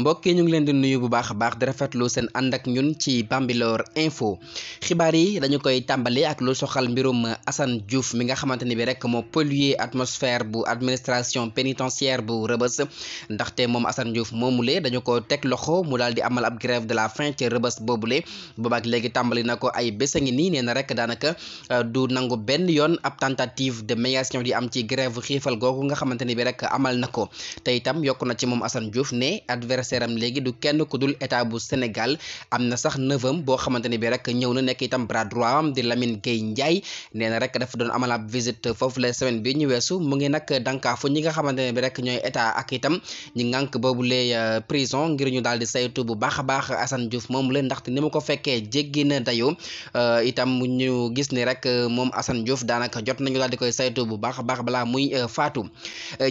mbokk yi ñu ngi leen di nuyu bu baax a baax di rafetlu seen ànd ak ñun ci Bambilor info xibaar yi dañu koy tàmbali ak lu soxal mbirum Assane Diouf mi nga xamante ni bi rek moo polluer atmosphère bu administration pénitentiaire bu Rebeuss ndaxte moom Assane Diouf moomule dañu ko teg loxo mu daal di amal ab grève de la faim ci Rebeuss boobule boobaak léegi tàmbali na ko ay bés a ngi nii nee na rek daanaka euh, du nangu benn yoon ab tentative de médiation di am ci grève xiifal googu nga xamante ni bi rek amal na ko te itam yokk na ci moom anniversaire am léegi du kenn ku dul état bu Sénégal am na sax neveu boo xamante ne bi rek ñëw na nekk itam bras droit am di Lamine Gueye Ndiaye nee na dafa doon amal ab visite foofu la semaine bi ñu weesu mu ngi nag dànkaafu ñi nga xamante ne bi rek ñooy état ak itam ñi ngànk boobu lee euh, prison ngir ñu daal di saytu bu baax a baax Assane Diouf moom la ndaxte ni ma ko fekkee jéggi na dayoo euh, itam ñu gis ni rek euh, moom Assane Diouf daanaka jot nañu daal di koy saytu bu baax a baax balaa muy faatu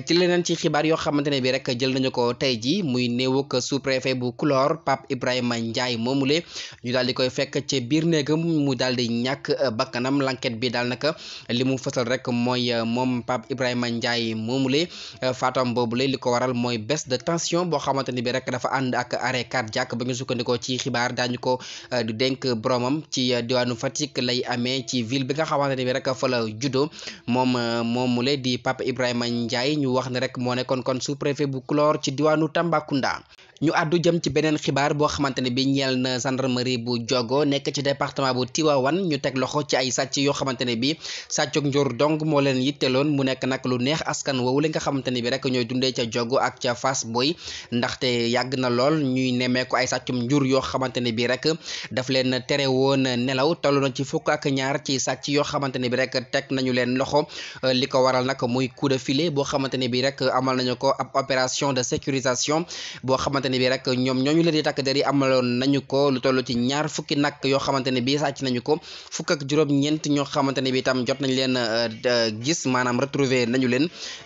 ci leneen ci xibaar yoo xamante bi rek jël nañu ko tey ji muy néewu kër bu Clore Pape Ibrahima Ndiaye moomule ñu daal di koy fekk ci biir néegam mu daal di ñàkk euh, bakkanam l'enquête bi daal naka li mu fësal rek mooy euh, moom Pape Ibrahima Ndiaye moomule euh, faatam boobule li ko waral mooy baisse de tension boo xamante ni bi rek dafa ànd ak arrêt cardiaque ba ñu sukkandikoo ci xibaar daañu ko du dénk boromam ci diwaanu Fatick lay amee ci ville bi nga xamante ni bi rek fa la juddoo moom moomule di Pape Ibrahima Ndiaye ñu wax ne rek moo nekkoon kon sous bu Clore ci diwaanu Tambacounda ñu àddu jëm ci beneen xibaar boo xamante ne bi ñeel na gendarmerie bu Diogo nekk ci département bu Tivaouane ñu teg loxo ci ay sàcc yoo xamante ne bi sàccug njur dong moo leen yitteloon mu nekk nag lu neex askan woowu li nga xamante ne bi rek ñooy dundee ca Diogo ak ca Fass Boy ndaxte yàgg na lool ñuy nemmeeku ay sàccum njur yoo xamante ne bi rek daf leen tere woon nelaw toll na ci fukk ak ñaar ci sàcc yoo xamante ne bi rek teg nañu leen loxo li ko waral nag muy coup file boo xamante ne bi rek amal nañu ko ab opération de sécurisation xamante ne rek ñoom ñooñu leen di takk der yi amaloon nañu ko lu toll ci ñaar fukki nag yoo xamante ne bi sàcc nañu ko fukk ak juróom-ñeent ñoo xamante ne bi tam jot nañ leen euh, euh, gis maanaam retrouver nañu leen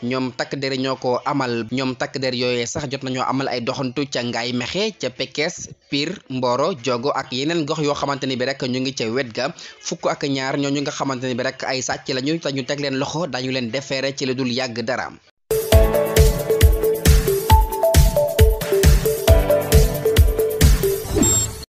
ñoom takk der ñoo ko amal ñoom takk der yooyee sax jot nañoo amal ay doxantu ca Ngaay Mexe ca Pekes piir Mboro Jogo ak yeneen gox yoo xamante ne bi rek ñu ngi ca wet ga fukk ak ñaar ñooñu nga xamante ne bi rek ay sàcc lañu te ñu teg leen loxo dañu leen defeere ci la dul yàgg dara